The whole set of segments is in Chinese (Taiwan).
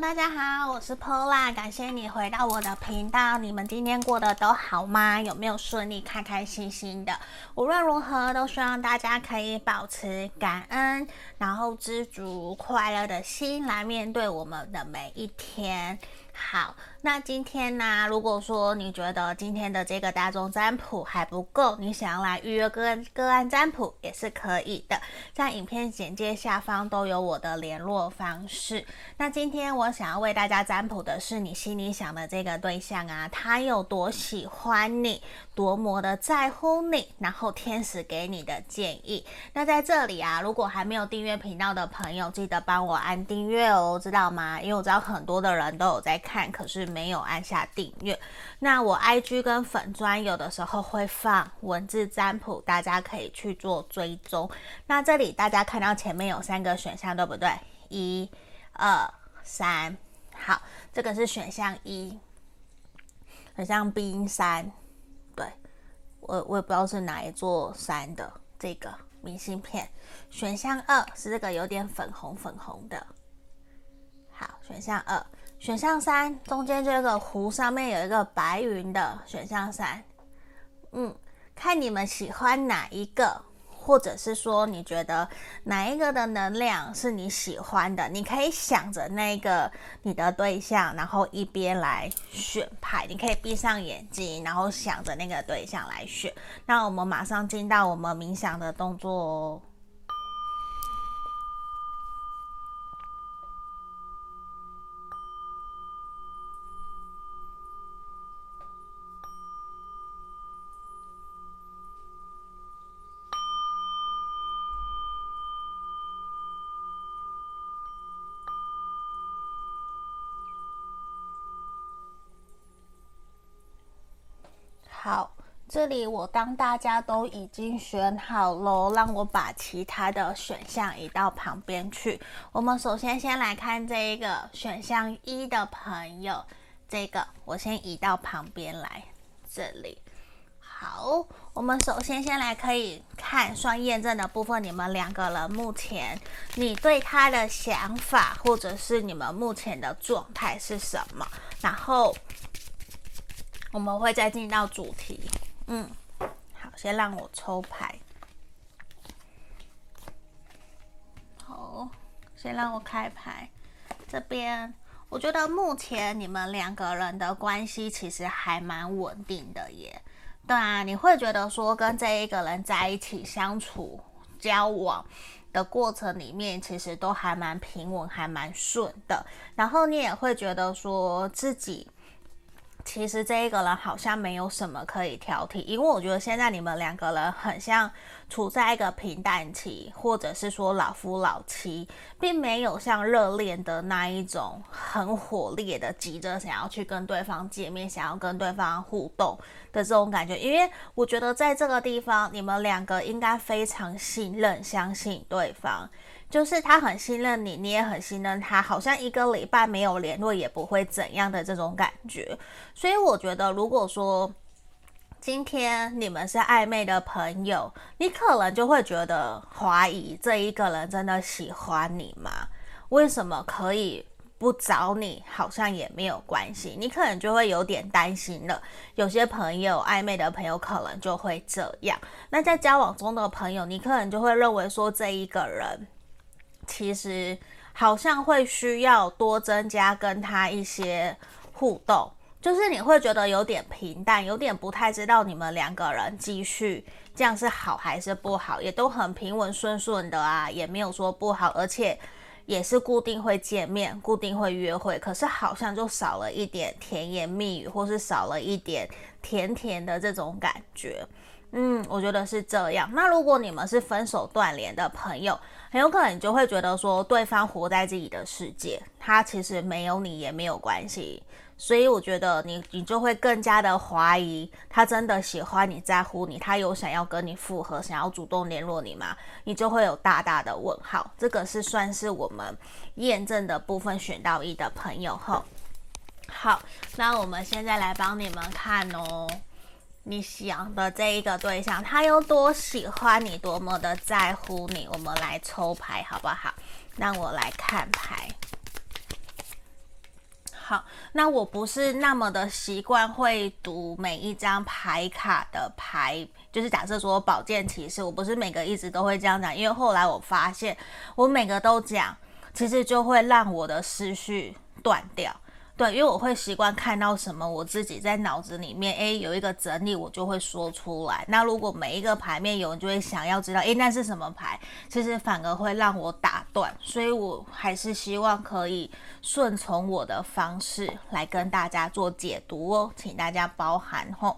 大家好，我是 Paula，感謝你回到我的頻道。你們今天過得都好嗎？有沒有順利、開開心心的？無論如何，都希望大家可以保持感恩，然後知足、快樂的心來面對我們的每一天。好。那今天呢，啊，如果說你覺得今天的這個大眾占卜還不夠，你想要來預約個案個案占卜也是可以的。在影片簡介下方都有我的聯絡方式。那今天我想要為大家占卜的是你心裡想的這個對象啊，他有多喜歡你，多麼的在乎你，然後天使給你的建議。那在這裡啊，如果還沒有訂閱頻道的朋友，記得幫我按訂閱哦，知道嗎？因為我知道很多的人都有在看，可是。沒有按下訂閱，那我 IG 跟粉專有的時候會放文字占卜，大家可以去做追蹤。那這裡大家看到前面有三個選項，對不對？一、二、三，好，這個是選項一，很像冰山，對，我我也不知道是哪一座山的這個明信片。選項二是這個有點粉紅粉紅的，好，選項二。選項三，中間這個湖上面有一個白雲的選項三，嗯，看你們喜歡哪一個，或者是說你覺得哪一個的能量是你喜歡的，你可以想着那個你的對象，然後一邊來選牌，你可以閉上眼睛，然後想着那個對象來選。那我們馬上進到我們冥想的動作哦。這裡我當大家都已經選好了，讓我把其他的選項移到旁邊去。我們首先先來看這一個選項一的朋友，這個我先移到旁邊來。這裡。好，我們首先先來可以看雙驗證的部分。你們兩個人目前，你對他的想法，或者是你們目前的狀態是什麼？然後我們會再進到主題。嗯，好，先讓我抽牌。好，先讓我開牌。這邊，我覺得目前你們兩個人的關係其實還蠻穩定的耶。對啊，你會覺得說跟這一個人在一起相處、交往的過程裡面，其實都還蠻平穩、還蠻順的。然後你也會覺得說自己。其實這一個人好像沒有什麼可以挑剔，因為我覺得現在你們兩個人很像處在一個平淡期，或者是說老夫老妻，並沒有像熱戀的那一種很火烈的急着想要去跟對方見面，想要跟對方互動的這種感覺。因為我覺得在這個地方，你們兩個應該非常信任、相信對方。就是他很信任你，你也很信任他，好像一個禮拜沒有聯絡也不會怎樣的這種感覺。所以我覺得，如果說今天你們是曖昧的朋友，你可能就會覺得懷疑這一個人真的喜歡你嗎？為什麼可以不找你，好像也沒有關係？你可能就會有點擔心了。有些朋友曖昧的朋友可能就會這樣。那在交往中的朋友，你可能就會認為說這一個人。其實好像會需要多增加跟他一些互動，就是你會覺得有點平淡，有點不太知道你們兩個人繼續這樣是好還是不好，也都很平穩順順的啊，也沒有說不好，而且也是固定會見面，固定會約會，可是好像就少了一點甜言蜜語，或是少了一點甜甜的這種感覺。嗯，我覺得是這樣。那如果你們是分手斷聯的朋友，很有可能你就會覺得說對方活在自己的世界，他其實沒有你也沒有關係，所以我覺得你你就會更加的懷疑他真的喜歡你、在乎你，他有想要跟你復合，想要主動聯絡你嗎？你就會有大大的問號。這個是算是我們驗證的部分。選到一的朋友齁，好，那我們現在來幫你們看哦。你想的這一個對象，他有多喜歡你，多麼的在乎你，我們來抽牌好不好？讓我來看牌。好，那我不是那麼的習慣會讀每一張牌卡的牌，就是假設說寶劍騎士，我不是每個一直都會這樣講，因為後來我發現我每個都講，其實就會讓我的思緒斷掉。對，因為我會習慣看到什麼，我自己在腦子裡面，誒，有一個整理，我就會說出來。那如果每一個牌面有人就會想要知道，誒，那是什麼牌？其實反而會讓我打斷，所以我還是希望可以順從我的方式來跟大家做解讀哦，請大家包涵哦。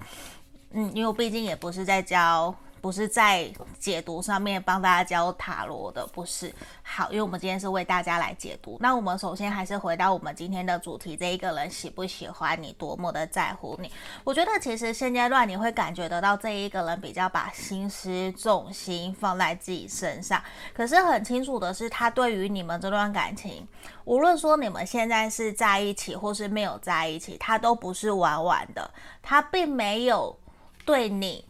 嗯，因為我畢竟也不是在教。不是在解讀上面幫大家教塔羅的，不是。好，因為我們今天是為大家來解讀。那我們首先還是回到我們今天的主題，這一個人喜不喜歡你，多麼的在乎你。我覺得其實現階段你會感覺得到，這一個人比較把心思重心放在自己身上。可是很清楚的是，他對於你們這段感情，無論說你們現在是在一起或是沒有在一起，他都不是玩玩的，他並沒有對你。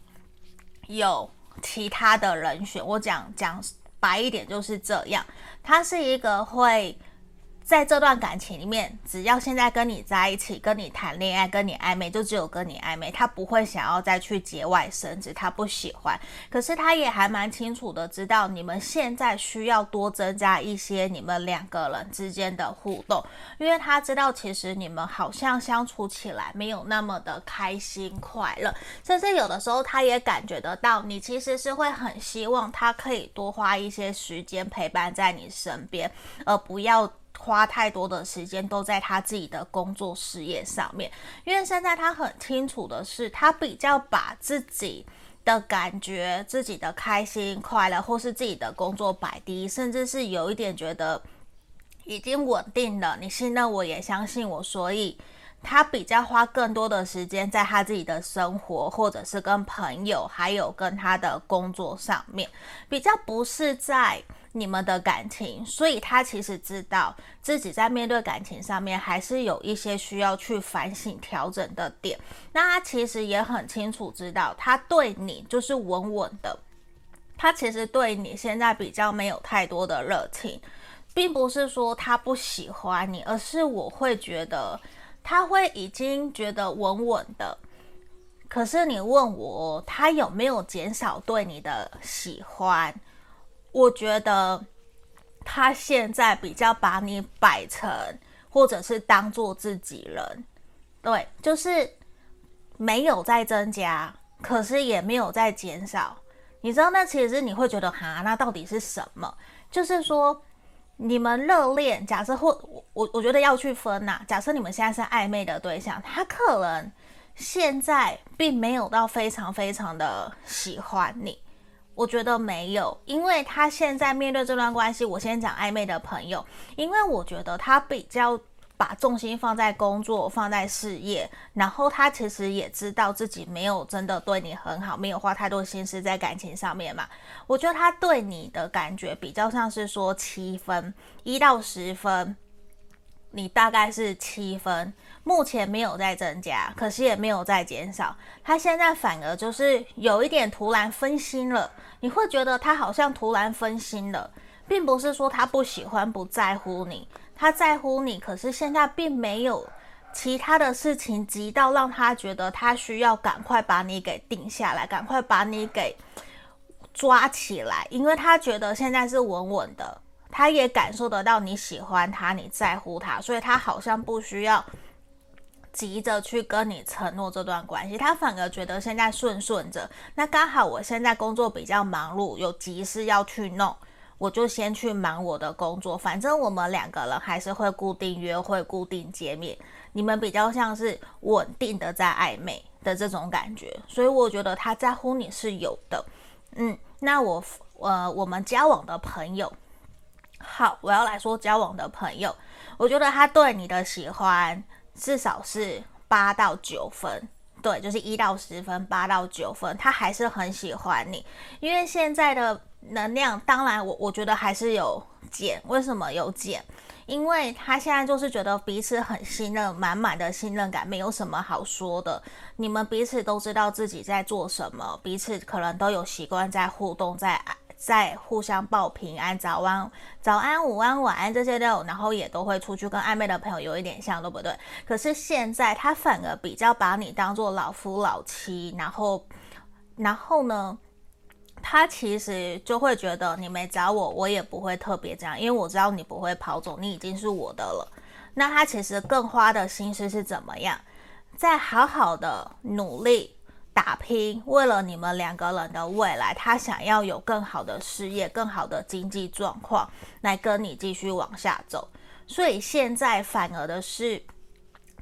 有其他的人選，我講講白一點，就是這樣，他是一個會。在這段感情裡面，只要現在跟你在一起，跟你談戀愛，跟你曖昧，就只有跟你曖昧。他不會想要再去節外生枝，他不喜歡。可是他也還蠻清楚的知道，你們現在需要多增加一些你們兩個人之間的互動，因為他知道其實你們好像相處起來沒有那麼的開心快樂，甚至有的時候他也感覺得到，你其實是會很希望他可以多花一些時間陪伴在你身邊，而不要。花太多的時間都在他自己的工作事業上面，因為現在他很清楚的是，他比較把自己的感覺、自己的開心、快樂，或是自己的工作擺低，甚至是有一點覺得已經穩定了。你信任我，也相信我，所以他比較花更多的時間在他自己的生活，或者是跟朋友，還有跟他的工作上面，比較不是在。你們的感情，所以他其實知道自己在面對感情上面還是有一些需要去反省調整的點。那他其實也很清楚知道，他對你就是穩穩的。他其實對你現在比較沒有太多的熱情，並不是說他不喜歡你，而是我會覺得他會已經覺得穩穩的。可是你問我，他有沒有減少對你的喜歡？我覺得他現在比較把你擺成，或者是當做自己人，對，就是沒有再增加，可是也沒有再減少。你知道，那其實你會覺得，哈，那到底是什麼？就是說，你們熱戀，假設或我我我覺得要去分吶啊。假設你們現在是曖昧的對象，他可能現在並沒有到非常非常的喜歡你。我覺得沒有，因為他現在面對這段關係，我先講曖昧的朋友，因為我覺得他比較把重心放在工作、放在事業，然後他其實也知道自己沒有真的對你很好，沒有花太多心思在感情上面嘛。我覺得他對你的感覺比較像是說七分，一到十分，你大概是七分。目前沒有在增加，可是也沒有在減少。他現在反而就是有一點突然分心了，你會覺得他好像突然分心了，並不是說他不喜歡、不在乎你，他在乎你，可是現在並沒有其他的事情急到讓他覺得他需要趕快把你給定下來，趕快把你給抓起來，因為他覺得現在是穩穩的，他也感受得到你喜歡他、你在乎他，所以他好像不需要。急着去跟你承諾這段關係，他反而覺得現在順順着。那剛好我現在工作比較忙碌，有急事要去弄，我就先去忙我的工作。反正我們兩個人還是會固定約會、固定見面。你們比較像是穩定的在曖昧的這種感覺，所以我覺得他在乎你是有的。嗯，那我呃，我們交往的朋友，好，我要來說交往的朋友。我覺得他對你的喜歡。至少是八到九分，對，就是一到十分，八到九分，他還是很喜歡你，因為現在的能量，當然我我覺得還是有減，為什麼有減？因為他現在就是覺得彼此很信任，滿滿的信任感，沒有什麼好說的，你們彼此都知道自己在做什麼，彼此可能都有習慣在互動，在。在互相報平安、早安、早安、午安、晚安這些都有，然後也都會出去跟曖昧的朋友有一點像，對不對？可是現在他反而比較把你當做老夫老妻，然後，然後呢，他其實就會覺得你沒找我，我也不會特別這樣，因為我知道你不會跑走，你已經是我的了。那他其實更花的心思是怎麼樣，在好好的努力。打拼，為了你們兩個人的未來，他想要有更好的事業、更好的經濟狀況，來跟你繼續往下走。所以現在反而的是，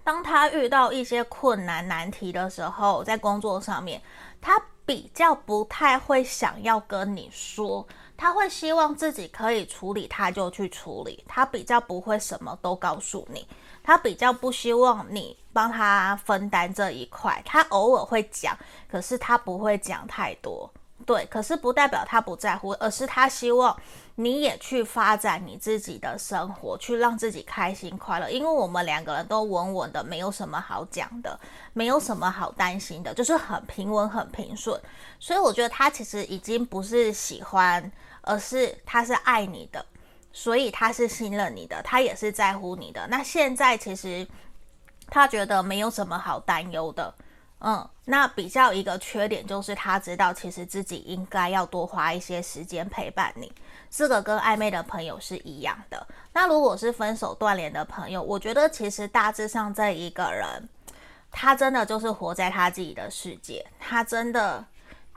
當他遇到一些困難難題的時候，在工作上面，他比較不太會想要跟你說，他會希望自己可以處理，他就去處理，他比較不會什麼都告訴你。他比較不希望你幫他分擔這一塊，他偶爾會講，可是他不會講太多。對，可是不代表他不在乎，而是他希望你也去發展你自己的生活，去讓自己開心快樂。因為我們兩個人都穩穩的，沒有什麼好講的，沒有什麼好擔心的，就是很平穩、很平順。所以我覺得他其實已經不是喜歡，而是他是愛你的。所以他是信任你的，他也是在乎你的。那現在其實他覺得沒有什麼好擔憂的，嗯。那比較一個缺點就是他知道，其實自己應該要多花一些時間陪伴你。這個跟曖昧的朋友是一樣的。那如果是分手斷聯的朋友，我覺得其實大致上這一個人，他真的就是活在他自己的世界，他真的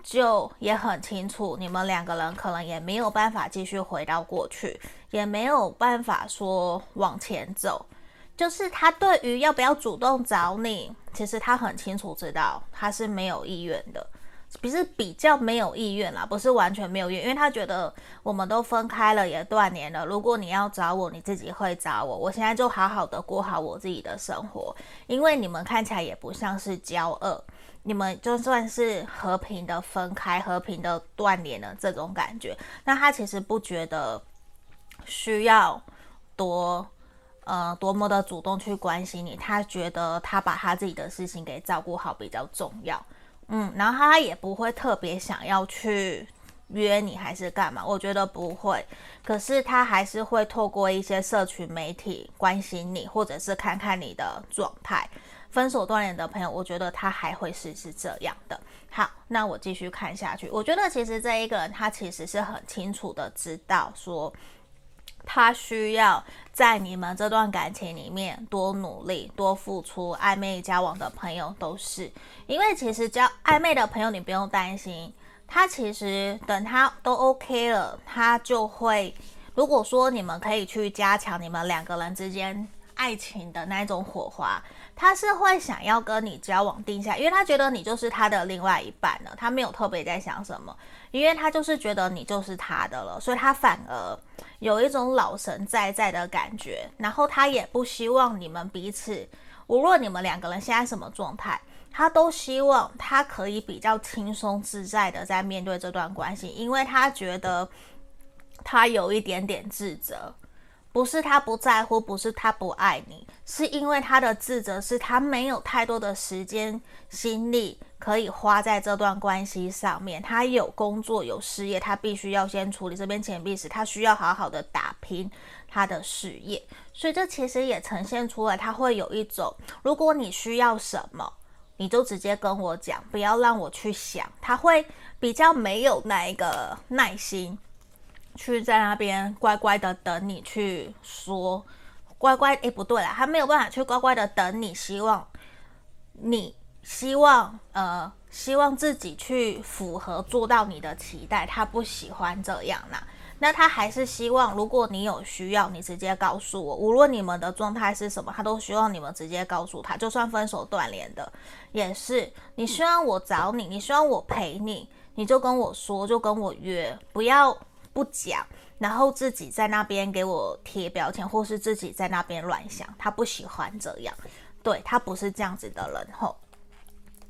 就也很清楚，你們兩個人可能也沒有辦法繼續回到過去。也沒有辦法說往前走，就是他對於要不要主動找你，其實他很清楚知道他是沒有意願的，不是比較沒有意願啦，不是完全沒有意願，因為他覺得我們都分開了，也斷聯了。如果你要找我，你自己會找我。我現在就好好的過好我自己的生活，因為你們看起來也不像是交惡。你們就算是和平的分開，和平的斷聯了這種感覺，那他其實不覺得。需要多呃多麼的主動去關心你，他覺得他把他自己的事情給照顧好比較重要，嗯，然後他也不會特別想要去約你還是幹嘛，我覺得不會，可是他還是會透過一些社群媒體關心你，或者是看看你的狀態。分手斷聯的朋友，我覺得他還會是是這樣的。好，那我繼續看下去，我覺得其實這一個人他其實是很清楚的知道說。他需要在你們這段感情裡面多努力、多付出。曖昧交往的朋友都是，因為其實交曖昧的朋友你不用擔心，他其實等他都 OK 了，他就會。如果說你們可以去加強你們兩個人之間愛情的那一種火花，他是會想要跟你交往定下，因為他覺得你就是他的另外一半了，他沒有特別在想什麼。因為他就是覺得你就是他的了，所以他反而有一種老神在在的感覺。然後他也不希望你們彼此，無論你們兩個人現在什麼狀態，他都希望他可以比較輕鬆自在的在面對這段關係，因為他覺得他有一點點自責。不是他不在乎，不是他不愛你，是因為他的自責是他沒有太多的時間、心力可以花在這段關係上面。他有工作，有事業，他必須要先處理這邊錢幣時，他需要好好的打拼他的事業。所以這其實也呈現出來，他會有一種：如果你需要什麼，你就直接跟我講，不要讓我去想。他會比較沒有那一個耐心。去在那邊乖乖的等你去說，乖乖誒、欸、不對啦，他沒有辦法去乖乖的等你，希望你希望呃希望自己去符合做到你的期待，他不喜歡這樣啦、啊，那他還是希望，如果你有需要，你直接告訴我，無論你們的狀態是什麼，他都希望你們直接告訴他，就算分手斷聯的也是，你希望我找你，你希望我陪你，你就跟我說，就跟我約，不要。不講，然後自己在那邊給我貼標籤，或是自己在那邊亂想，他不喜歡這樣，對，他不是這樣子的人吼。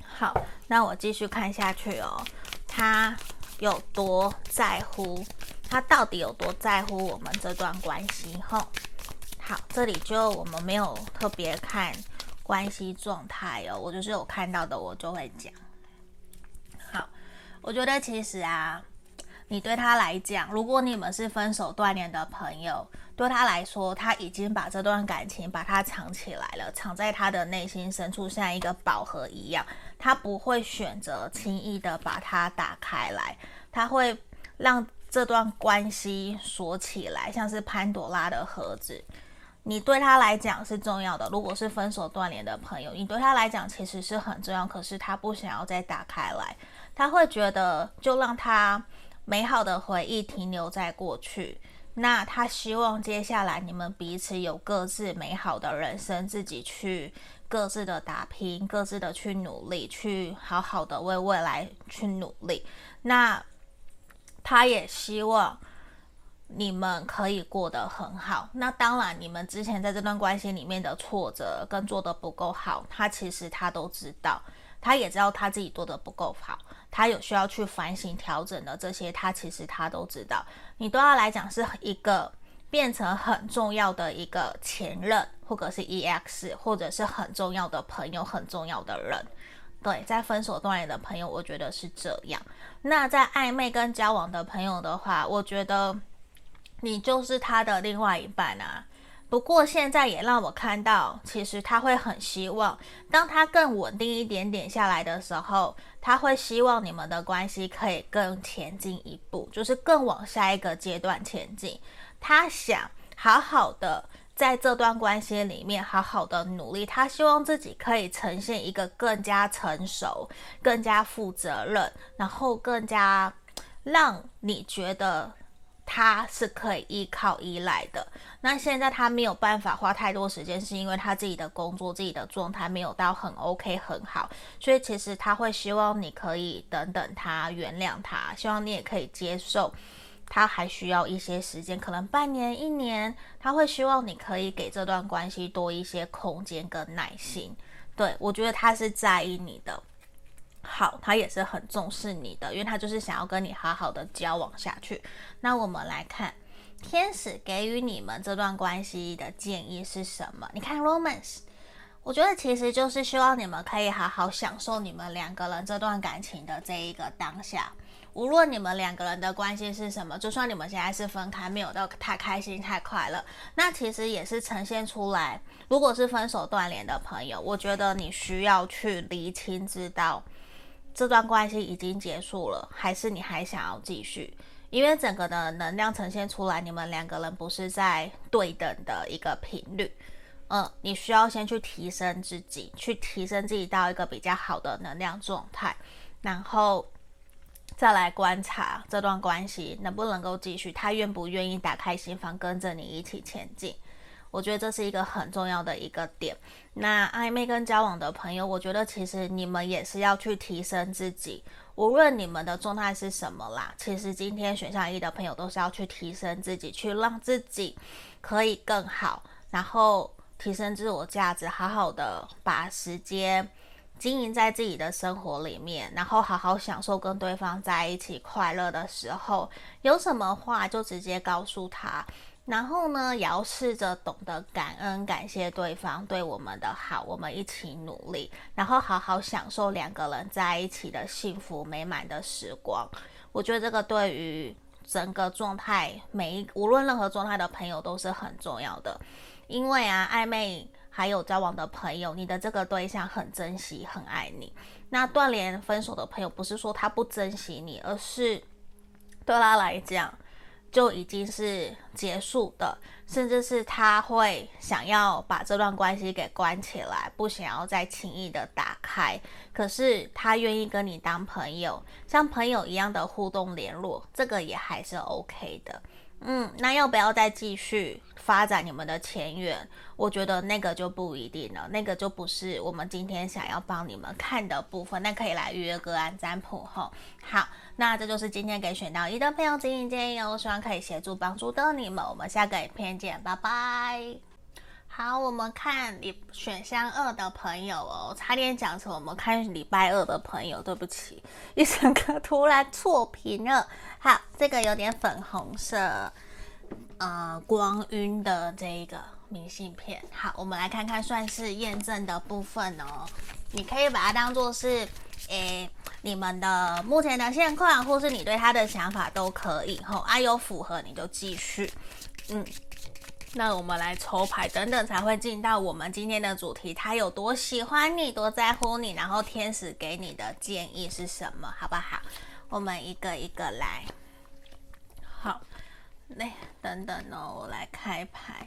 好，那我繼續看下去哦，他有多在乎，他到底有多在乎我們這段關係吼？好，這裡就我們沒有特別看關係狀態哦，我就是有看到的，我就會講。好，我覺得其實啊。你對他來講，如果你們是分手斷聯的朋友，對他來說，他已經把這段感情把它藏起來了，藏在他的內心深處，像一個寶盒一樣，他不會選擇輕易的把它打開來，他會讓這段關係鎖起來，像是潘朵拉的盒子。你對他來講是重要的，如果是分手斷聯的朋友，你對他來講其實是很重要，可是他不想要再打開來，他會覺得就讓他。美好的回憶停留在過去。那他希望接下來你們彼此有各自美好的人生，自己去各自的打拼，各自的去努力，去好好的為未來去努力。那他也希望你們可以過得很好。那當然，你們之前在這段關係裡面的挫折跟做得不夠好，他其實他都知道，他也知道他自己做得不夠好。他有需要去反省調整的這些，他其實他都知道。你對他來講是一個變成很重要的一個前任，或者是 EX，或者是很重要的朋友，很重要的人。對，在分手段裡的朋友，我覺得是這樣。那在曖昧跟交往的朋友的話，我覺得你就是他的另外一半啊。不過現在也讓我看到，其實他會很希望，當他更穩定一點點下來的時候，他會希望你們的關係可以更前進一步，就是更往下一個階段前進。他想好好的在這段關係裡面好好的努力，他希望自己可以呈現一個更加成熟、更加負責任，然後更加讓你覺得，他是可以依靠依賴的，那現在他沒有辦法花太多時間，是因為他自己的工作、自己的狀態沒有到很 OK 很好，所以其實他會希望你可以等等他，原諒他，希望你也可以接受，他還需要一些時間，可能半年一年，他會希望你可以給這段關係多一些空間跟耐心。對，我覺得他是在意你的。好，他也是很重視你的，因為他就是想要跟你好好的交往下去。那我們來看天使給予你們這段關係的建議是什麼？你看，romance，我覺得其實就是希望你們可以好好享受你們兩個人這段感情的這一個當下。無論你們兩個人的關係是什麼，就算你們現在是分開，沒有到太開心、太快樂，那其實也是呈現出來。如果是分手斷聯的朋友，我覺得你需要去釐清，知道。這段關係已經結束了，還是你還想要繼續？因為整個的能量呈現出來，你們兩個人不是在對等的一個頻率，嗯，你需要先去提升自己，去提升自己到一個比較好的能量狀態，然後再來觀察這段關係能不能夠繼續，他願不願意打開心房跟着你一起前進。我覺得這是一個很重要的一個點。那曖昧跟交往的朋友，我覺得其實你們也是要去提升自己。無論你們的狀態是什麼啦，其實今天選項一的朋友都是要去提升自己，去讓自己可以更好，然後提升自我價值，好好的把時間經營在自己的生活裡面，然後好好享受跟對方在一起快樂的時候。有什麼話就直接告訴他。然後呢，也要試着懂得感恩、感謝對方對我們的好，我們一起努力，然後好好享受兩個人在一起的幸福美滿的時光。我覺得這個對於整個狀態，每一無論任何狀態的朋友都是很重要的。因為啊，曖昧還有交往的朋友，你的這個對象很珍惜、很愛你。那斷聯、分手的朋友，不是說他不珍惜你，而是對他來講。就已經是結束的，甚至是他會想要把這段關係給關起來，不想要再輕易的打開。可是他願意跟你當朋友，像朋友一樣的互動聯絡，這個也還是 OK 的。嗯，那要不要再繼續發展你們的前緣？我覺得那個就不一定了，那個就不是我們今天想要幫你們看的部分。那可以來預約個案占卜吼。好。那這就是今天給選到一的朋友指引建議哦，希望可以協助幫助到你們。我們下個影片見，拜拜。好，我們看禮選項二的朋友哦，差點講成我們看禮拜二的朋友，對不起，一整個突然錯評了。好，這個有點粉紅色，呃，光暈的這一個明信片。好，我們來看看算是驗證的部分哦，你可以把它當做是。誒、欸，你們的目前的現況，或是你對他的想法都可以哈、哦。啊，有符合你就繼續，嗯。那我們來抽牌，等等才會進到我們今天的主題。他有多喜歡你，多在乎你，然後天使給你的建議是什麼，好不好？我們一個一個來。好，那、欸、等等呢、喔？我來開牌。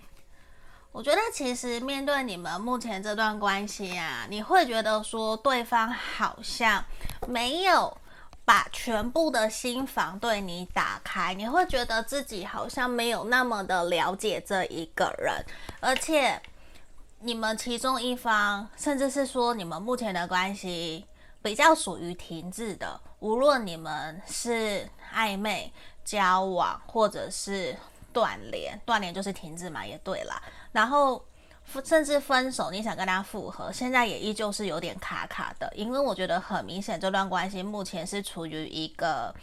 我覺得其實面對你們目前這段關係啊，你會覺得說，對方好像沒有把全部的心房對你打開，你會覺得自己好像沒有那麼的了解這一個人，而且你們其中一方，甚至是說，你們目前的關係比較屬於停滯的，無論你們是曖昧交往或者是斷聯，斷聯就是停滯嘛，也對啦。然後，甚至分手，你想跟他復合，現在也依舊是有點卡卡的，因為我覺得很明顯，這段關係目前是處於一個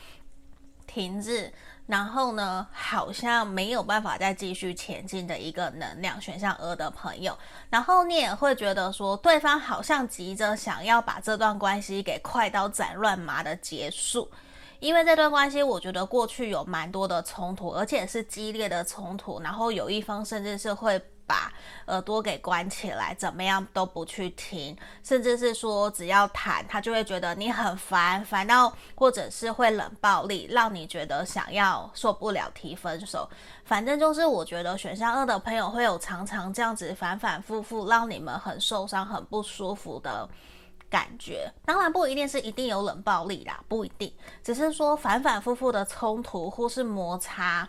停滯，然後呢，好像沒有辦法再繼續前進的一個能量。選項二的朋友，然後你也會覺得說，對方好像急着想要把這段關係給快刀斬亂麻的結束，因為這段關係我覺得過去有蠻多的衝突，而且是激烈的衝突，然後有一方甚至是會。把耳朵給關起來，怎麼樣都不去聽，甚至是說只要談，他就會覺得你很煩，煩到或者是會冷暴力，讓你覺得想要受不了提分手。反正就是我覺得選項二的朋友會有常常這樣子反反复覆讓你們很受傷、很不舒服的感覺。當然不一定是一定有冷暴力啦，不一定，只是說反反复复的衝突或是摩擦。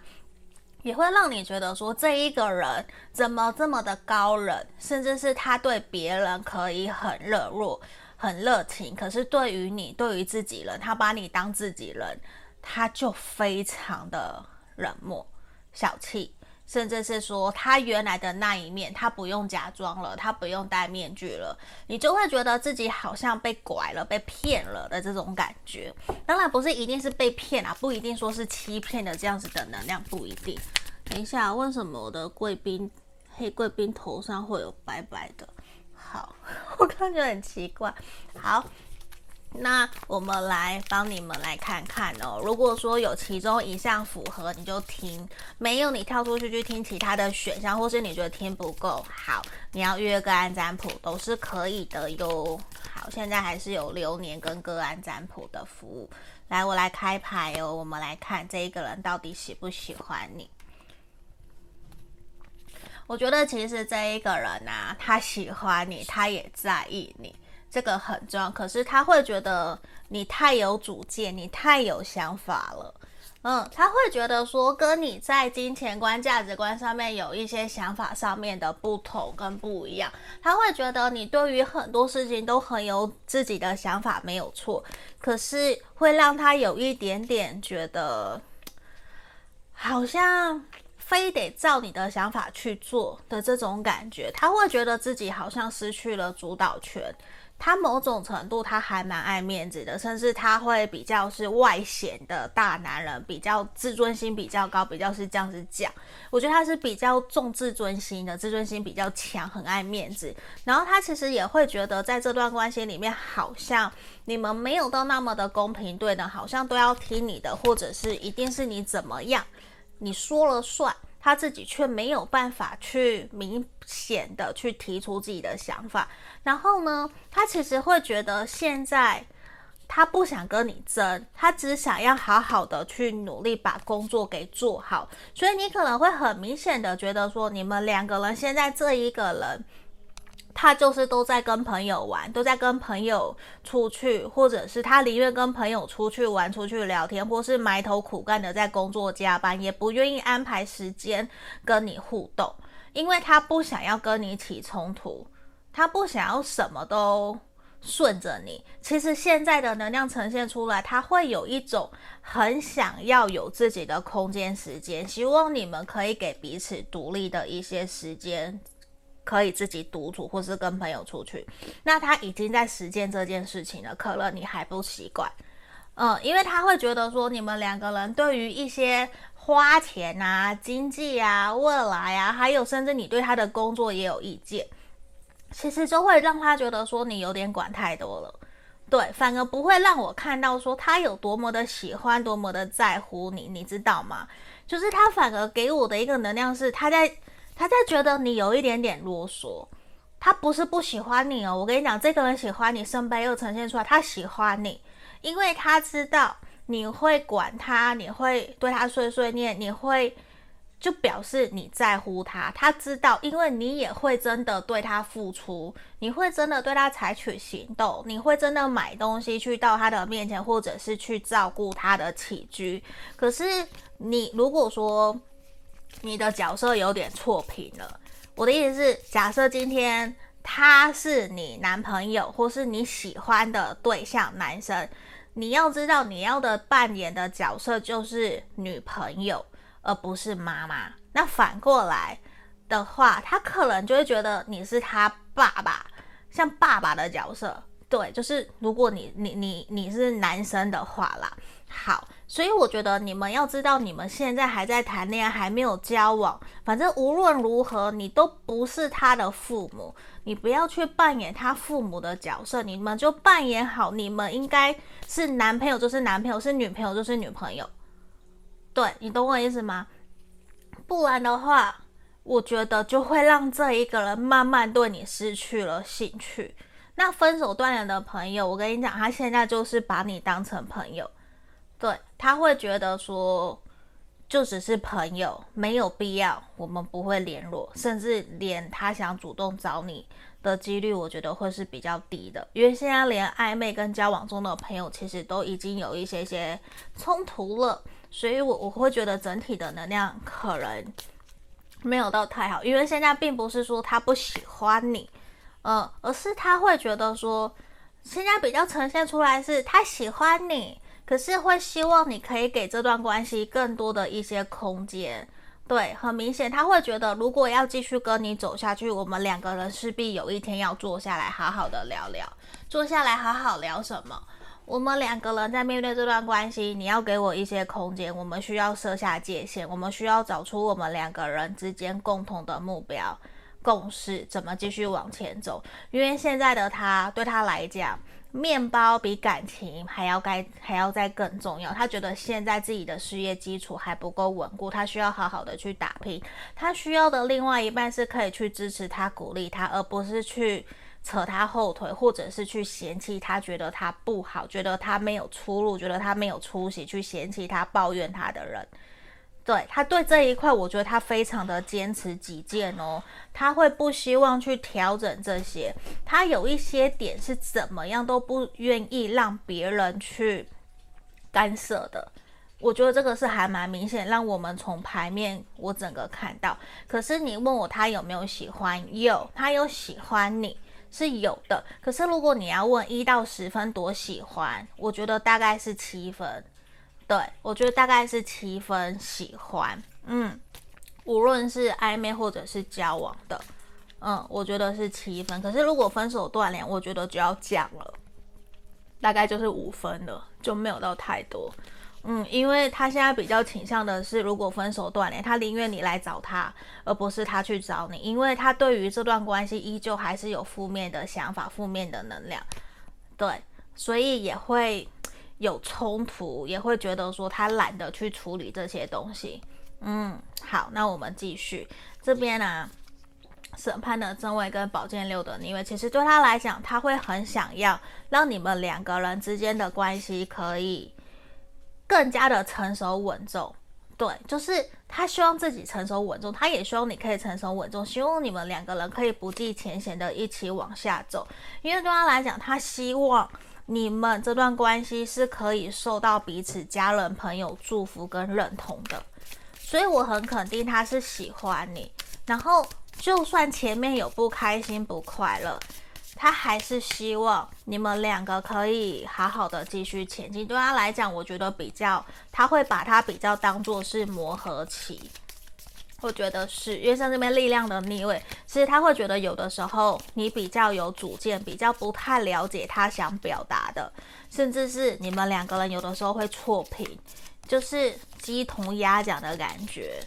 也會讓你覺得說，這一個人怎麼這麼的高冷，甚至是他對別人可以很熱絡、很熱情，可是對於你、對於自己人，他把你當自己人，他就非常的冷漠、小氣。甚至是說他原來的那一面，他不用假裝了，他不用戴面具了，你就會覺得自己好像被拐了、被騙了的這種感覺。當然不是一定是被騙啊，不一定說是欺騙的這樣子的能量，不一定。等一下，為什麼我的貴賓黑貴賓頭上會有白白的？好，我感覺很奇怪。好。那我們來幫你們來看看哦。如果說有其中一項符合，你就聽；沒有，你跳出去去聽其他的選項，或是你覺得聽不夠好，你要預約個案占卜都是可以的喲。好，現在還是有流年跟個案占卜的服務。來，我來開牌哦。我們來看這一個人到底喜不喜歡你。我覺得其實這一個人啊，他喜歡你，他也在意你。這個很重要，可是他會覺得你太有主見，你太有想法了，嗯，他會覺得說跟你在金錢觀、價值觀上面有一些想法上面的不同跟不一樣，他會覺得你對於很多事情都很有自己的想法，沒有錯，可是會讓他有一點點覺得好像。非得照你的想法去做的這種感覺，他會覺得自己好像失去了主導權。他某種程度他還蠻愛面子的，甚至他會比較是外顯的大男人，比較自尊心比較高，比較是這樣子講。我覺得他是比較重自尊心的，自尊心比較強，很愛面子。然後他其實也會覺得，在這段關係裡面，好像你們沒有到那麼的公平，對的，好像都要聽你的，或者是一定是你怎麼樣。你說了算，他自己卻沒有辦法去明顯的去提出自己的想法。然後呢，他其實會覺得現在他不想跟你爭，他只想要好好的去努力把工作給做好。所以你可能會很明顯的覺得說，你們兩個人現在這一個人。他就是都在跟朋友玩，都在跟朋友出去，或者是他寧願跟朋友出去玩，出去聊天，或是埋頭苦幹的在工作加班，也不願意安排時間跟你互動，因為他不想要跟你起衝突，他不想要什麼都順着你。其實現在的能量呈現出來，他會有一種很想要有自己的空間、時間，希望你們可以給彼此獨立的一些時間。可以自己獨處，或是跟朋友出去。那他已經在實踐這件事情了，可能你還不習慣，嗯，因為他會覺得說你們兩個人對於一些花錢啊、經濟啊、未來啊，還有甚至你對他的工作也有意見，其實就會讓他覺得說你有點管太多了。對，反而不會讓我看到說他有多麼的喜歡、多麼的在乎你，你知道嗎？就是他反而給我的一個能量是他在。他在覺得你有一點點囉嗦，他不是不喜歡你哦。我跟你講，這個人喜歡你，聖杯又呈現出來，他喜歡你，因為他知道你會管他，你會對他碎碎念，你會就表示你在乎他。他知道，因為你也會真的對他付出，你會真的對他採取行動，你會真的買東西去到他的面前，或者是去照顧他的起居。可是你如果說，你的角色有點錯評了。我的意思是，假設今天他是你男朋友或是你喜歡的對象，男生，你要知道你要的扮演的角色就是女朋友，而不是媽媽。那反過來的話，他可能就會覺得你是他爸爸，像爸爸的角色。對，就是如果你你你你是男生的話啦。好，所以我覺得你們要知道，你們現在還在談戀愛，還沒有交往，反正無論如何，你都不是他的父母，你不要去扮演他父母的角色，你們就扮演好，你們應該是男朋友就是男朋友，是女朋友就是女朋友。對，你懂我意思嗎？不然的話，我覺得就會讓這一個人慢慢對你失去了興趣。那分手斷聯的朋友，我跟你講，他現在就是把你當成朋友。對，他會覺得說，就只是朋友，沒有必要，我們不會聯絡，甚至連他想主動找你的幾率，我覺得會是比較低的，因為現在連曖昧跟交往中的朋友，其實都已經有一些些衝突了，所以我我會覺得整體的能量可能沒有到太好，因為現在並不是說他不喜歡你，呃，而是他會覺得說，現在比較呈現出來是他喜歡你。可是會希望你可以給這段關係更多的一些空間，對，很明顯他會覺得，如果要繼續跟你走下去，我們兩個人勢必有一天要坐下來好好的聊聊。坐下來好好聊什麼？我們兩個人在面對這段關係，你要給我一些空間，我們需要設下界限，我們需要找出我們兩個人之間共同的目標、共識，怎麼繼續往前走？因為現在的他，對他來講，麵包比感情還要該，還要再更重要。他覺得現在自己的事業基礎還不夠穩固，他需要好好的去打拼。他需要的另外一半是可以去支持他、鼓勵他，而不是去扯他後腿，或者是去嫌棄他，覺得他不好，覺得他沒有出路，覺得他沒有出息，去嫌棄他、抱怨他的人。對，他對這一塊，我覺得他非常的堅持己見哦，他會不希望去調整這些，他有一些點是怎麼樣都不願意讓別人去干涉的。我覺得這個是還蠻明顯，讓我們從牌面我整個看到。可是你問我他有沒有喜歡，有，他有喜歡你，是有的。可是如果你要問一到十分多喜歡，我覺得大概是七分。對，我覺得大概是七分喜歡，嗯，無論是曖昧或者是交往的，嗯，我覺得是七分。可是如果分手斷聯，我覺得就要降了，大概就是五分了，就沒有到太多。嗯，因為他現在比較傾向的是，如果分手斷聯，他寧願你來找他，而不是他去找你，因為他對於這段關係依舊還是有負面的想法、負面的能量，對，所以也會。有衝突也會覺得說他懶得去處理這些東西。嗯，好，那我們繼續這邊呢、啊，審判的正位跟寶劍六的逆位，因為其實對他來講，他會很想要讓你們兩個人之間的關係可以更加的成熟穩重。對，就是他希望自己成熟穩重，他也希望你可以成熟穩重，希望你們兩個人可以不計前嫌的一起往下走。因為對他來講，他希望，你們這段關係是可以受到彼此家人朋友祝福跟認同的，所以我很肯定他是喜歡你。然後就算前面有不開心不快樂，他還是希望你們兩個可以好好的繼續前進。對他來講，我覺得比較他會把它比較當做是磨合期。我覺得是月上這邊力量的逆位，其實他會覺得有的時候你比較有主見，比較不太了解他想表達的，甚至是你們兩個人有的時候會錯頻，就是雞同鴨講的感覺。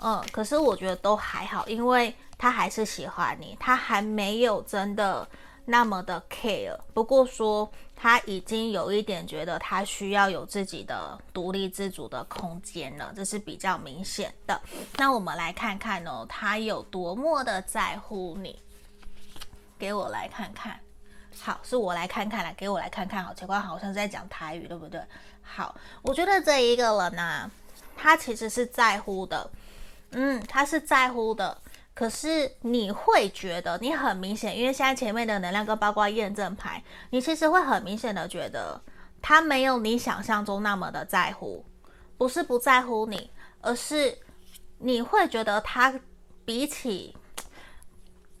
嗯，可是我覺得都還好，因為他還是喜歡你，他還沒有真的那麼的 care。不過說。他已經有一點覺得他需要有自己的獨立自主的空間了，這是比較明顯的。那我們來看看哦，他有多麼的在乎你，給我來看看。好，是我來看看來，給我來看看好。情況好奇怪，好像是在講台語，對不對？好，我覺得這一個人呢、啊，他其實是在乎的，嗯，他是在乎的。可是你會覺得你很明顯，因為現在前面的能量跟包括驗證牌，你其實會很明顯的覺得他沒有你想象中那麼的在乎，不是不在乎你，而是你會覺得他比起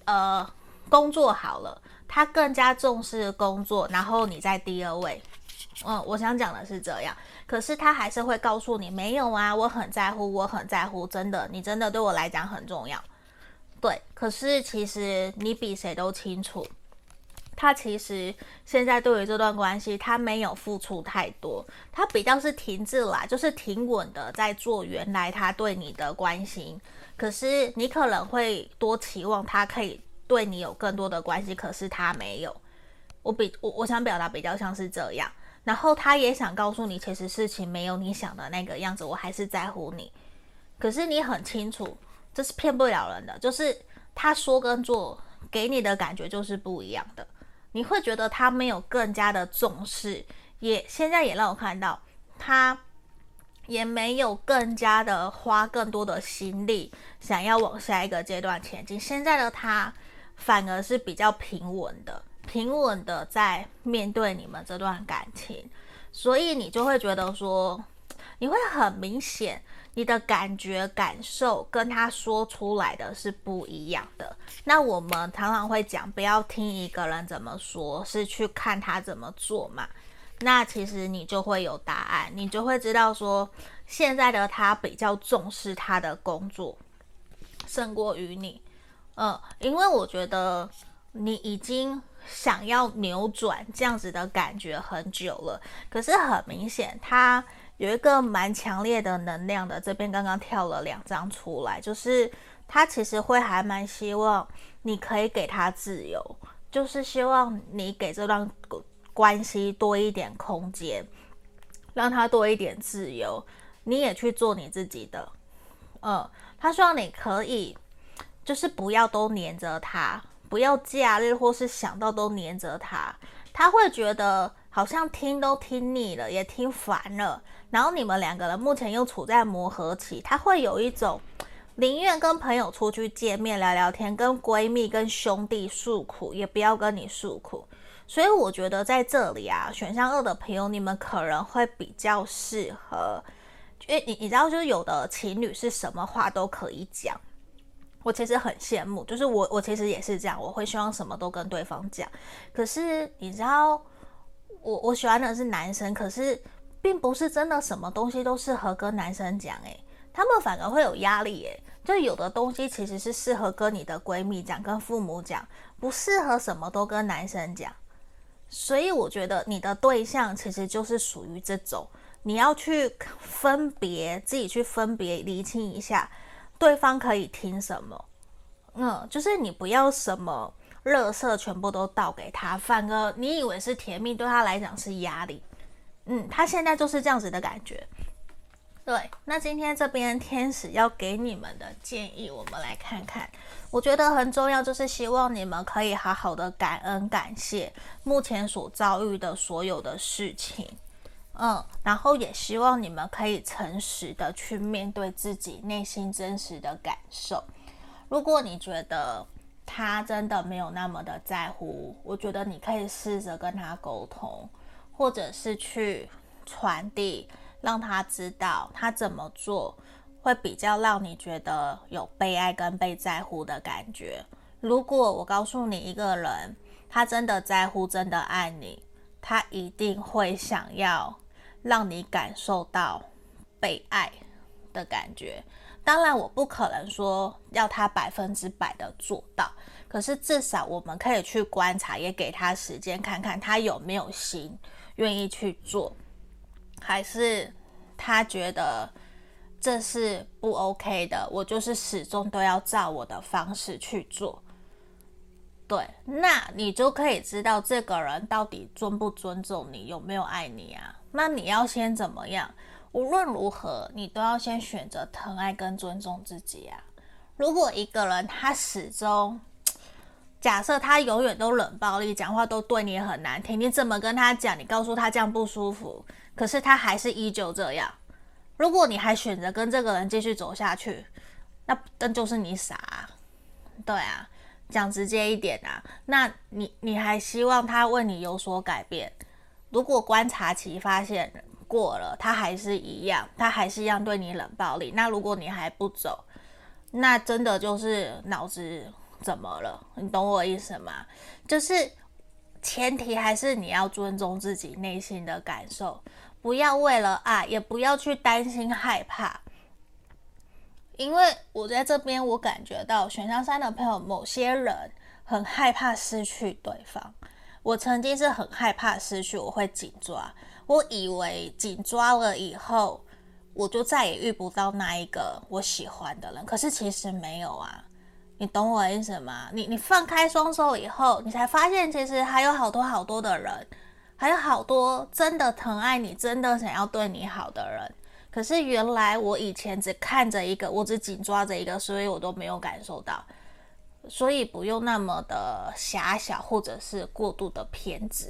呃工作好了，他更加重視工作，然後你在第二位。嗯，我想講的是這樣，可是他還是會告訴你，沒有啊，我很在乎，我很在乎，真的，你真的對我來講很重要。對，可是其實你比誰都清楚，他其實現在對於這段關係，他沒有付出太多，他比較是停滯啦，啊，就是挺穩的在做原來他對你的關心。可是你可能會多期望他可以對你有更多的關心，可是他沒有。我比我我想表達比較像是這樣，然後他也想告訴你，其實事情沒有你想的那個樣子，我還是在乎你。可是你很清楚。這是騙不了人的，就是他說跟做給你的感覺就是不一樣的，你會覺得他沒有更加的重視，也現在也讓我看到他也沒有更加的花更多的心力想要往下一個階段前進。現在的他反而是比較平穩的，平穩的在面對你們這段感情，所以你就會覺得說，你會很明顯。你的感覺、感受跟他說出來的是不一樣的。那我們常常會講，不要聽一個人怎麼說，是去看他怎麼做嘛？那其實你就會有答案，你就會知道說，現在的他比較重視他的工作勝過於你。嗯、呃，因為我覺得你已經想要扭轉這樣子的感覺很久了，可是很明顯他。有一個蠻強烈的能量的，這邊剛剛跳了兩張出來，就是他其實會還蠻希望你可以給他自由，就是希望你給這段關係多一點空間，讓他多一點自由，你也去做你自己的。嗯，他希望你可以，就是不要都黏着他，不要假日或是想到都黏着他，他會覺得好像聽都聽膩了，也聽煩了。然後你們兩個人目前又處在磨合期，他會有一種寧願跟朋友出去見面聊聊天，跟閨蜜、跟兄弟訴苦，也不要跟你訴苦。所以我覺得在這裡啊，選項二的朋友，你們可能會比較適合，因為你你知道，就是有的情侶是什麼話都可以講，我其實很羨慕，就是我我其實也是這樣，我會希望什麼都跟對方講。可是你知道，我我喜歡的是男生，可是……並不是真的什麼東西都適合跟男生講，誒，他們反而會有壓力，欸，誒，就有的東西其實是適合跟你的閨蜜講、跟父母講，不適合什麼都跟男生講。所以我覺得你的對象其實就是屬於這種，你要去分別自己去分別釐清一下，對方可以聽什麼，嗯，就是你不要什麼垃圾全部都倒給他，反而你以為是甜蜜，對他來講是壓力。嗯，他現在就是這樣子的感覺。對，那今天這邊天使要給你們的建議，我們來看看。我覺得很重要，就是希望你們可以好好的感恩、感謝目前所遭遇的所有的事情。嗯，然後也希望你們可以誠實的去面對自己內心真實的感受。如果你覺得他真的沒有那麼的在乎，我覺得你可以試着跟他溝通。或者是去傳遞，讓他知道他怎麼做會比較讓你覺得有被愛跟被在乎的感覺。如果我告訴你一個人，他真的在乎、真的愛你，他一定會想要讓你感受到被愛的感覺。當然，我不可能說要他百分之百的做到，可是至少我們可以去觀察，也給他時間，看看他有沒有心。願意去做，還是他覺得這是不 OK 的？我就是始終都要照我的方式去做。對，那你就可以知道這個人到底尊不尊重你，有沒有愛你啊？那你要先怎麼樣？無論如何，你都要先選擇疼愛跟尊重自己啊。如果一個人他始終，假設他永遠都冷暴力，講話都對你很難聽，你怎麼跟他講？你告訴他這樣不舒服，可是他還是依舊這樣。如果你還選擇跟這個人繼續走下去，那那就是你傻啊。對啊，講直接一點啊，那你你還希望他為你有所改變？如果觀察期發現過了，他還是一樣，他還是一樣對你冷暴力。那如果你還不走，那真的就是腦子。怎麼了？你懂我意思嗎？就是前提還是你要尊重自己內心的感受，不要為了愛，也不要去擔心害怕。因為我在這邊，我感覺到選項三的朋友某些人很害怕失去對方。我曾經是很害怕失去，我會緊抓，我以為緊抓了以後，我就再也遇不到那一個我喜歡的人。可是其實沒有啊。你懂我意思嗎？你你放開雙手以後，你才發現其實還有好多好多的人，還有好多真的疼愛你、真的想要對你好的人。可是原來我以前只看着一個，我只緊抓着一個，所以我都沒有感受到。所以不用那麼的狹小，或者是過度的偏執。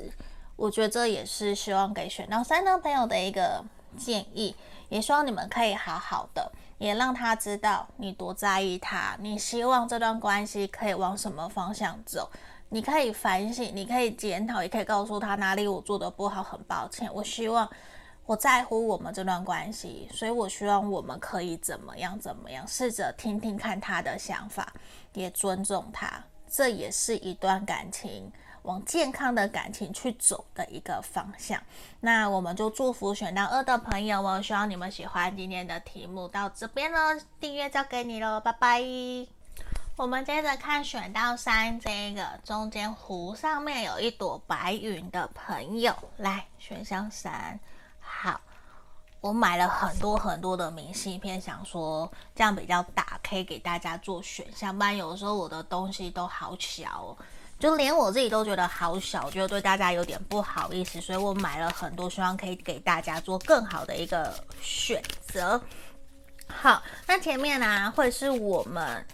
我覺得這也是希望給選到三張朋友的一個建議，也希望你們可以好好的。也讓他知道你多在意他，你希望這段關係可以往什麼方向走。你可以反省，你可以檢討，也可以告訴他哪裡我做得不好，很抱歉。我希望我在乎我們這段關係，所以我希望我們可以怎麼樣怎麼樣，試着聽聽看他的想法，也尊重他。這也是一段感情，往健康的感情去走的一個方向，那我們就祝福選到二的朋友哦，希望你們喜歡今天的題目。到這邊呢，訂閱交給你嘍，拜拜。我們接着看選到三這個，中間湖上面有一朵白雲的朋友，來選項三。好，我買了很多很多的明信片，想說這樣比較大，可以給大家做選項，不然有時候我的東西都好小哦。就連我自己都覺得好小，覺得對大家有點不好意思，所以我買了很多，希望可以給大家做更好的一個選擇。好，那前面呢，啊，會是我們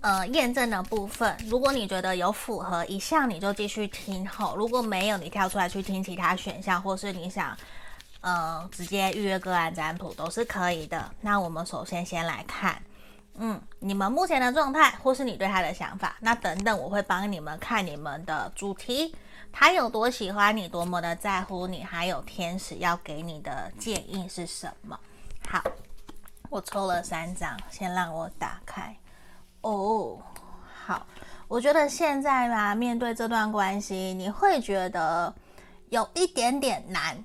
呃驗證的部分，如果你覺得有符合一項，你就繼續聽齁；如果沒有，你跳出來去聽其他選項，或是你想呃直接預約個案占卜都是可以的。那我們首先先來看。嗯，你們目前的狀態，或是你對他的想法，那等等我會幫你們看你們的主題，他有多喜歡你，多麼的在乎你，還有天使要給你的建議是什麼？好，我抽了三張，先讓我打開。哦，好，我覺得現在吧，面對這段關係，你會覺得有一點點難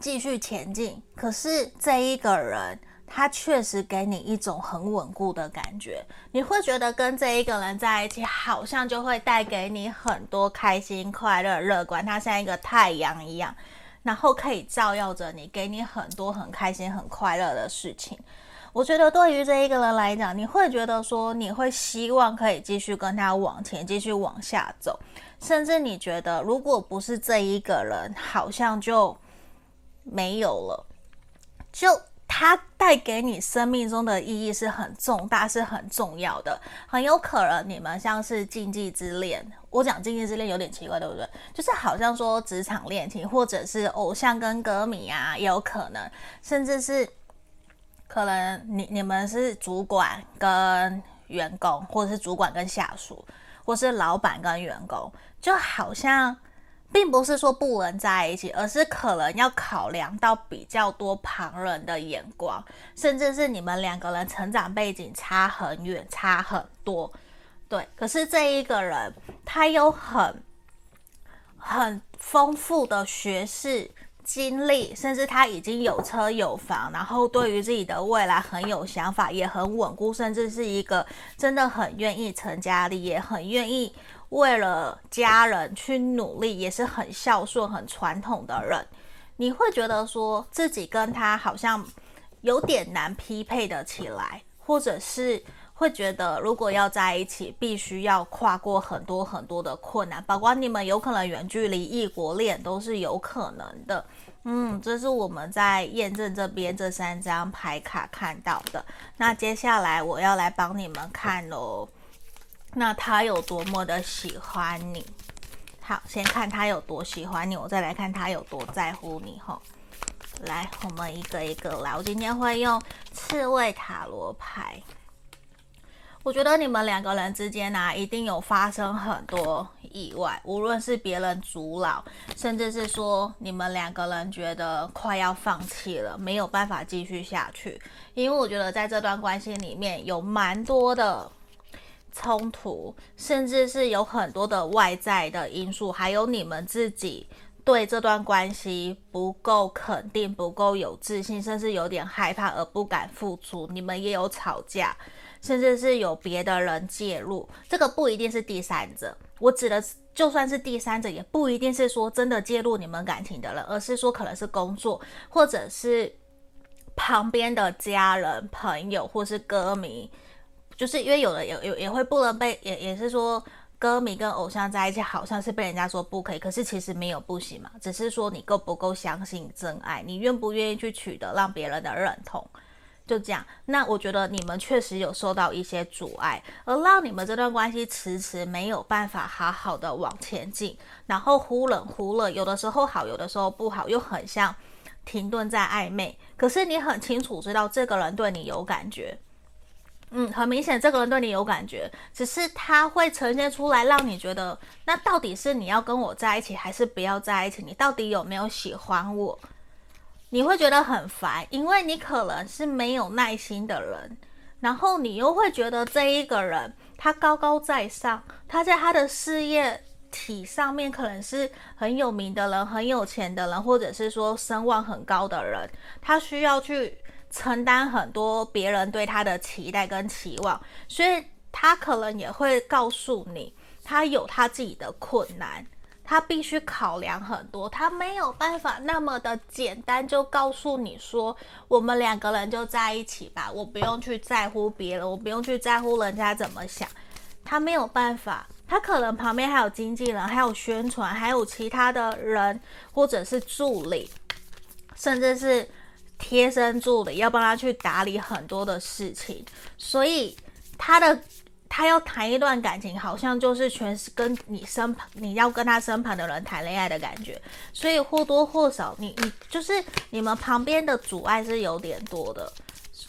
繼續前進，可是這一個人。他確實給你一種很穩固的感覺，你會覺得跟這一個人在一起，好像就會帶給你很多開心、快樂、樂觀。他像一個太陽一樣，然後可以照耀着你，給你很多很開心、很快樂的事情。我覺得對於這一個人來講，你會覺得說，你會希望可以繼續跟他往前，繼續往下走，甚至你覺得如果不是這一個人，好像就沒有了，就。它帶給你生命中的意義是很重大，是很重要的。很有可能你們像是禁忌之戀，我講禁忌之戀有點奇怪，對不對？就是好像說職場戀情，或者是偶像跟歌迷啊，也有可能，甚至是可能你你們是主管跟員工，或者是主管跟下屬，或者是老闆跟員工，就好像。並不是說不能在一起，而是可能要考量到比較多旁人的眼光，甚至是你們兩個人成長背景差很遠，差很多。對，可是這一個人他有很很豐富的學識、經歷，甚至他已經有車有房，然後對於自己的未來很有想法，也很穩固，甚至是一個真的很願意成家立業，也很願意。為了家人去努力，也是很孝順、很傳統的人。你會覺得說自己跟他好像有點難匹配的起來，或者是會覺得如果要在一起，必須要跨過很多很多的困難，包括你們有可能遠距離、異國戀都是有可能的。嗯，這是我們在驗證這邊這三張牌卡看到的。那接下來我要來幫你們看咯。那他有多麼的喜歡你？好，先看他有多喜歡你，我再來看他有多在乎你。吼，來，我們一個一個來。我今天會用刺蝟塔羅牌。我覺得你們兩個人之間呢、啊，一定有發生很多意外，無論是別人阻撓，甚至是說你們兩個人覺得快要放棄了，沒有辦法繼續下去。因為我覺得在這段關係裡面有蠻多的。衝突，甚至是有很多的外在的因素，還有你們自己對這段關係不夠肯定、不夠有自信，甚至有點害怕而不敢付出。你們也有吵架，甚至是有別的人介入。這個不一定是第三者，我指的是就算是第三者，也不一定是說真的介入你們感情的人，而是說可能是工作，或者是旁邊的家人、朋友，或是歌迷。就是因為有的也也也會不能被也也是說，歌迷跟偶像在一起好像是被人家說不可以，可是其實沒有不行嘛，只是說你夠不夠相信真愛，你願不願意去取得讓別人的認同，就這樣。那我覺得你們確實有受到一些阻礙，而讓你們這段關係遲遲沒有辦法好好的往前進，然後忽冷忽熱，有的時候好，有的時候不好，又很像停頓在曖昧。可是你很清楚知道這個人對你有感覺。嗯，很明顯這個人對你有感覺，只是他會呈現出來，讓你覺得，那到底是你要跟我在一起，還是不要在一起？你到底有沒有喜歡我？你會覺得很煩，因為你可能是沒有耐心的人，然後你又會覺得這一個人，他高高在上，他在他的事業體上面可能是很有名的人、很有錢的人，或者是說聲望很高的人，他需要去承擔很多別人對他的期待跟期望，所以他可能也會告訴你，他有他自己的困難，他必須考量很多，他沒有辦法那麼的簡單就告訴你說，我們兩個人就在一起吧，我不用去在乎別人，我不用去在乎人家怎麼想，他沒有辦法，他可能旁邊還有經紀人，還有宣傳，還有其他的人或者是助理，甚至是。貼身助理要幫他去打理很多的事情，所以他的他要談一段感情，好像就是全是跟你身旁，你要跟他身旁的人談戀愛的感覺。所以或多或少，你你就是你們旁邊的阻礙是有點多的，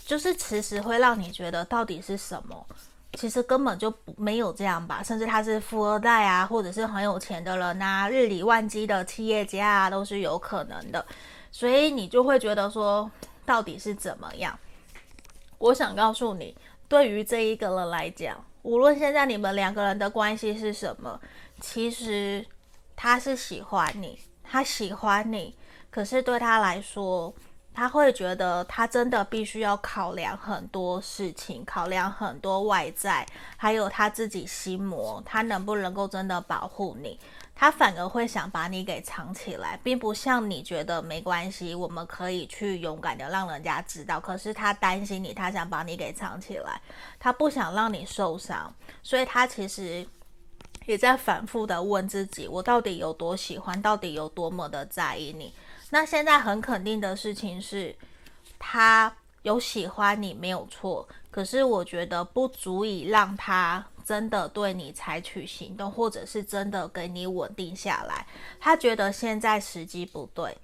就是其實會讓你覺得到底是什麼？其實根本就沒有這樣吧，甚至他是富二代啊，或者是很有錢的人啊，日理萬機的企業家啊，都是有可能的。所以你就會覺得說，到底是怎麼樣？我想告訴你，對於這一個人來講，無論現在你們兩個人的關係是什麼，其實他是喜歡你，他喜歡你，可是對他來說。他會覺得他真的必須要考量很多事情，考量很多外在，還有他自己心魔，他能不能夠真的保護你？他反而會想把你給藏起來，並不像你覺得沒關係，我們可以去勇敢的讓人家知道。可是他擔心你，他想把你給藏起來，他不想讓你受傷，所以他其實也在反復的問自己：我到底有多喜歡？到底有多麼的在意你？那現在很肯定的事情是，他有喜歡你沒有錯，可是我覺得不足以讓他真的對你採取行動，或者是真的給你穩定下來。他覺得現在時機不對，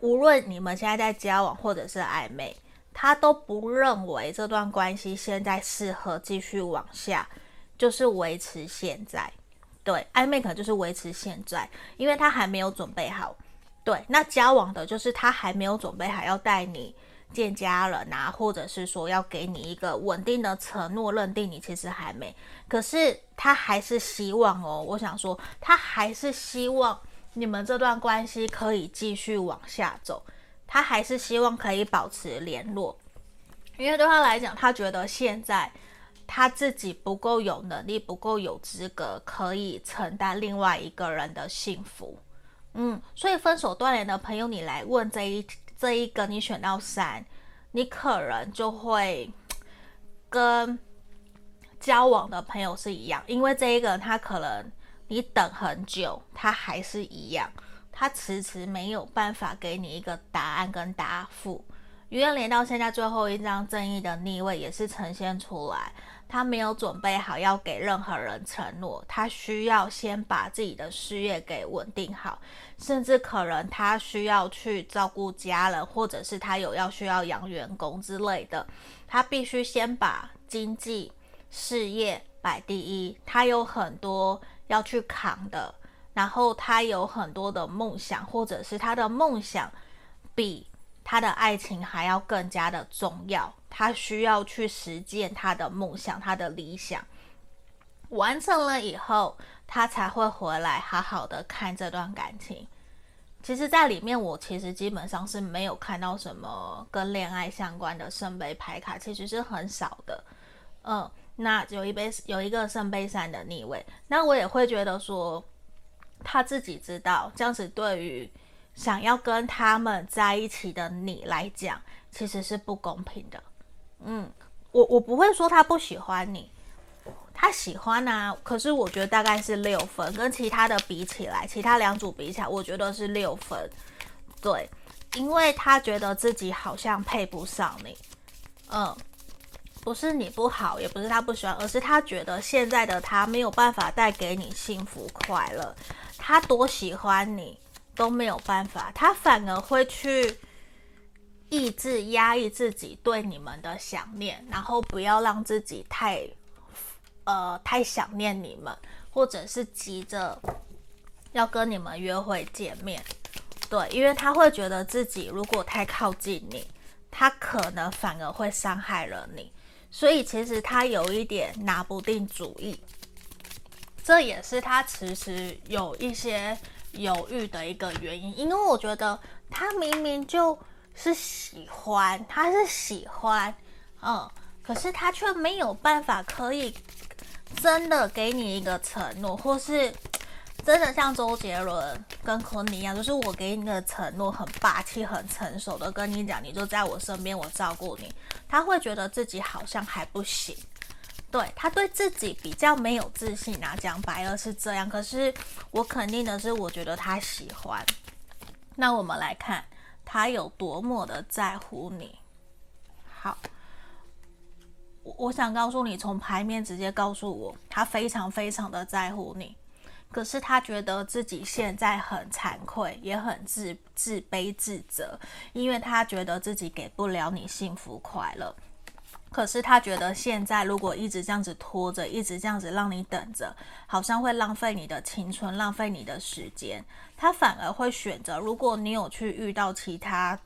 無論你們現在在交往或者是曖昧，他都不認為這段關係現在適合繼續往下，就是維持現在。對，曖昧可就是維持現在，因為他還沒有準備好。對，那交往的就是他還沒有準備，還要帶你見家人呐、啊，或者是說要給你一個穩定的承諾，認定你其實還沒，可是他還是希望哦。我想說，他還是希望你們這段關係可以繼續往下走，他還是希望可以保持聯絡，因為對他來講，他覺得現在他自己不夠有能力，不夠有資格可以承擔另外一個人的幸福。嗯，所以分手斷聯的朋友，你來問這一這一個，你選到三，你可能就會跟交往的朋友是一樣，因為這一個他可能你等很久，他還是一樣，他遲遲沒有辦法給你一個答案跟答覆愚人連到現在最後一張正義的逆位也是呈現出來，他沒有準備好要給任何人承諾，他需要先把自己的事業給穩定好，甚至可能他需要去照顧家人，或者是他有要需要養員工之類的，他必須先把經濟事業擺第一，他有很多要去扛的，然後他有很多的夢想，或者是他的夢想比他的愛情還要更加的重要，他需要去實踐他的夢想、他的理想，完成了以後，他才會回來好好的看這段感情。其實，在裡面我其實基本上是沒有看到什麼跟戀愛相關的聖杯牌卡，其實是很少的。嗯，那有一杯有一個聖杯三的逆位，那我也會覺得說他自己知道，這樣子對於。想要跟他們在一起的你來講，其實是不公平的。嗯，我我不會說他不喜歡你，他喜歡啊。可是我覺得大概是六分，跟其他的比起來，其他兩組比起來，我覺得是六分。對，因為他覺得自己好像配不上你。嗯，不是你不好，也不是他不喜歡，而是他覺得現在的他沒有辦法帶給你幸福快樂。他多喜歡你，都沒有辦法，他反而會去抑制、壓抑自己對你們的想念，然後不要讓自己太，呃，太想念你們，或者是急着要跟你們約會見面。對，因為他會覺得自己如果太靠近你，他可能反而會傷害了你，所以其實他有一點拿不定主意。這也是他其實有一些。猶豫的一個原因，因為我覺得他明明就是喜歡，他是喜歡，嗯，可是他卻沒有辦法可以真的給你一個承諾，或是真的像周杰倫跟昆凌一樣，就是我給你的承諾很霸氣、很成熟的跟你講，你就在我身邊，我照顧你，他會覺得自己好像還不行。對，他對自己比較沒有自信啊，講白了是這樣。可是我肯定的是，我覺得他喜歡。那我們來看他有多麼的在乎你。好，我我想告訴你，從牌面直接告訴我，他非常非常的在乎你。可是他覺得自己現在很慚愧，也很自自卑自責，因為他覺得自己給不了你幸福快樂。可是他覺得現在如果一直這樣子拖着，一直這樣子讓你等着，好像會浪費你的青春，浪費你的時間。他反而會選擇，如果你有去遇到其他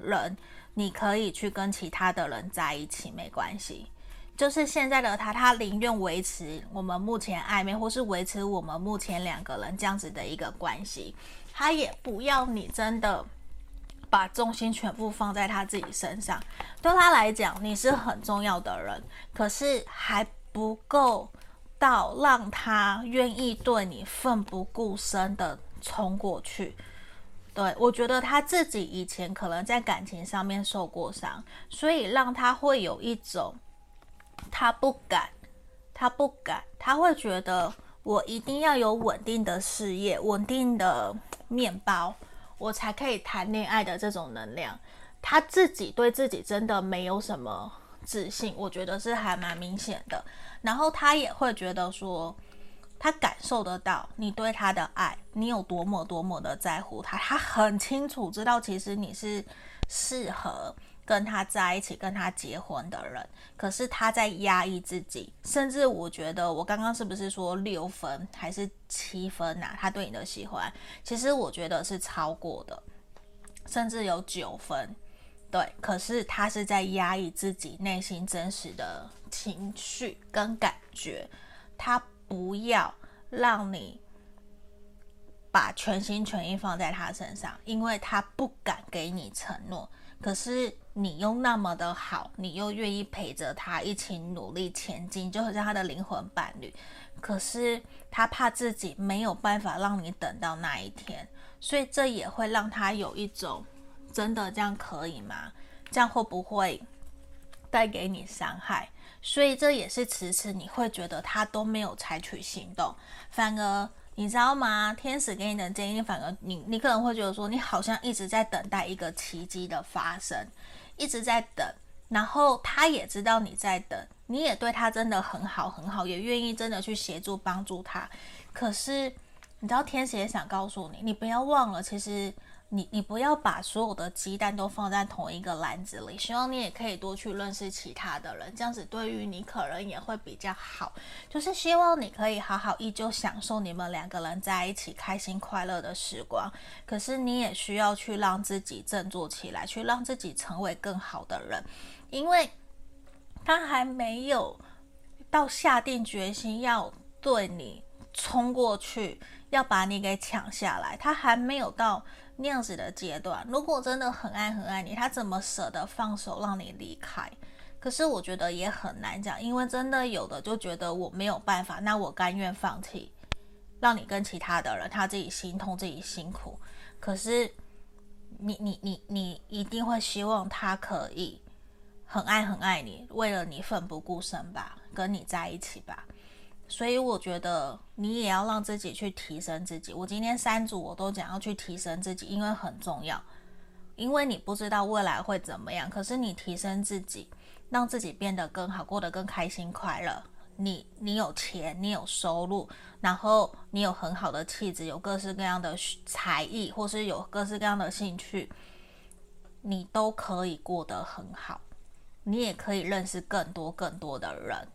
人，你可以去跟其他的人在一起，沒關係。就是現在的他，他寧願維持我們目前曖昧，或是維持我們目前兩個人這樣子的一個關係，他也不要你真的。把重心全部放在他自己身上，對他來講你是很重要的人，可是還不夠到讓他願意對你奮不顧身的衝過去。對，我覺得他自己以前可能在感情上面受過傷，所以讓他會有一種他不敢，他不敢，他會覺得我一定要有穩定的事業，穩定的麵包。我才可以談戀愛的這種能量，他自己對自己真的沒有什麼自信，我覺得是還蠻明顯的。然後他也會覺得說，他感受得到你對他的愛，你有多麼多麼的在乎他，他很清楚知道其實你是適合。跟他在一起、跟他結婚的人，可是他在壓抑自己，甚至我覺得我剛剛是不是說六分還是七分吶啊？他對你的喜歡，其實我覺得是超過的，甚至有九分。對，可是他是在壓抑自己內心真實的情緒跟感覺，他不要讓你把全心全意放在他身上，因為他不敢給你承諾，可是。你又那麼的好，你又願意陪着他一起努力前進，就好像他的靈魂伴侶。可是他怕自己沒有辦法讓你等到那一天，所以這也會讓他有一種，真的這樣可以嗎？這樣會不會帶給你傷害？所以這也是遲遲你會覺得他都沒有採取行動，反而你知道嗎？天使給你的建議，反而你你可能會覺得說，你好像一直在等待一個奇蹟的發生。一直在等，然後他也知道你在等，你也對他真的很好很好，也願意真的去協助幫助他。可是，你知道天使也想告訴你，你不要忘了，其實。你你不要把所有的雞蛋都放在同一個籃子裡，希望你也可以多去認識其他的人，這樣子對於你可能也會比較好。就是希望你可以好好依舊享受你們兩個人在一起開心快樂的時光，可是你也需要去讓自己振作起來，去讓自己成為更好的人，因為他還沒有到下定決心要對你衝過去，要把你給搶下來，他還沒有到那樣子的階段，如果真的很愛很愛你，他怎麼捨得放手讓你離開？可是我覺得也很難講，因為真的有的就覺得我沒有辦法，那我甘願放棄，讓你跟其他的人，他自己心痛自己辛苦。可是你你你你一定會希望他可以很愛很愛你，為了你奮不顧身吧，跟你在一起吧。所以我覺得你也要讓自己去提升自己。我今天三組我都講要去提升自己，因為很重要。因為你不知道未來會怎麼樣，可是你提升自己，讓自己變得更好，過得更開心快樂。你你有錢，你有收入，然後你有很好的氣質，有各式各樣的才藝，或是有各式各樣的興趣，你都可以過得很好。你也可以認識更多更多的人。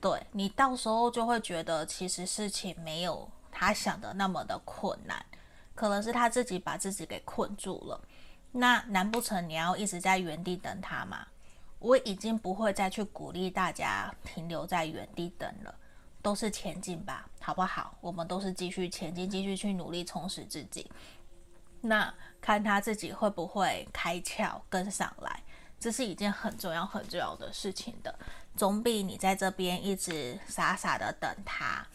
對，你到時候就會覺得，其實事情沒有他想的那麼的困難，可能是他自己把自己給困住了。那難不成你要一直在原地等他嗎？我已經不會再去鼓勵大家停留在原地等了，都是前進吧，好不好？我們都是繼續前進，繼續去努力充實自己。那看他自己會不會開竅跟上來。這是一件很重要、很重要的事情的，總比你在這邊一直傻傻的等他，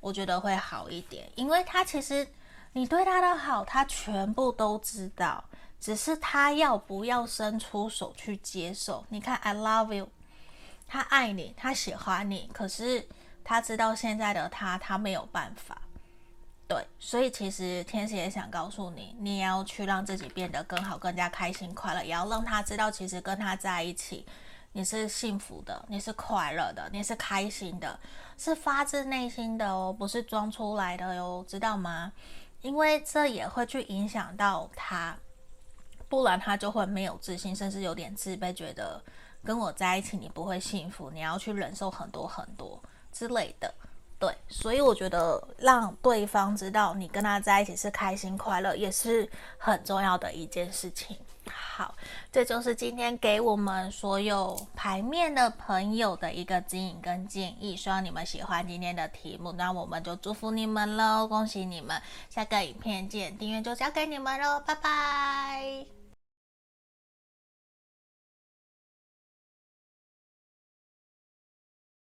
我覺得會好一點。因為他其實你對他的好，他全部都知道，只是他要不要伸出手去接受？你看，I love you，他愛你，他喜歡你，可是他知道現在的他，他沒有辦法。對，所以其實天使也想告訴你，你要去讓自己變得更好，更加開心快樂，也要讓他知道，其實跟他在一起，你是幸福的，你是快樂的，你是開心的，是發自內心的哦，不是裝出來的喲、哦，知道嗎？因為這也會去影響到他，不然他就會沒有自信，甚至有點自卑，覺得跟我在一起你不會幸福，你要去忍受很多很多之類的。對，所以我覺得讓對方知道你跟他在一起是開心快樂，也是很重要的一件事情。好，這就是今天給我們所有牌面的朋友的一個指引跟建議。希望你們喜歡今天的題目，那我們就祝福你們嘍，恭喜你們！下個影片見，訂閱就交給你們嘍，拜拜。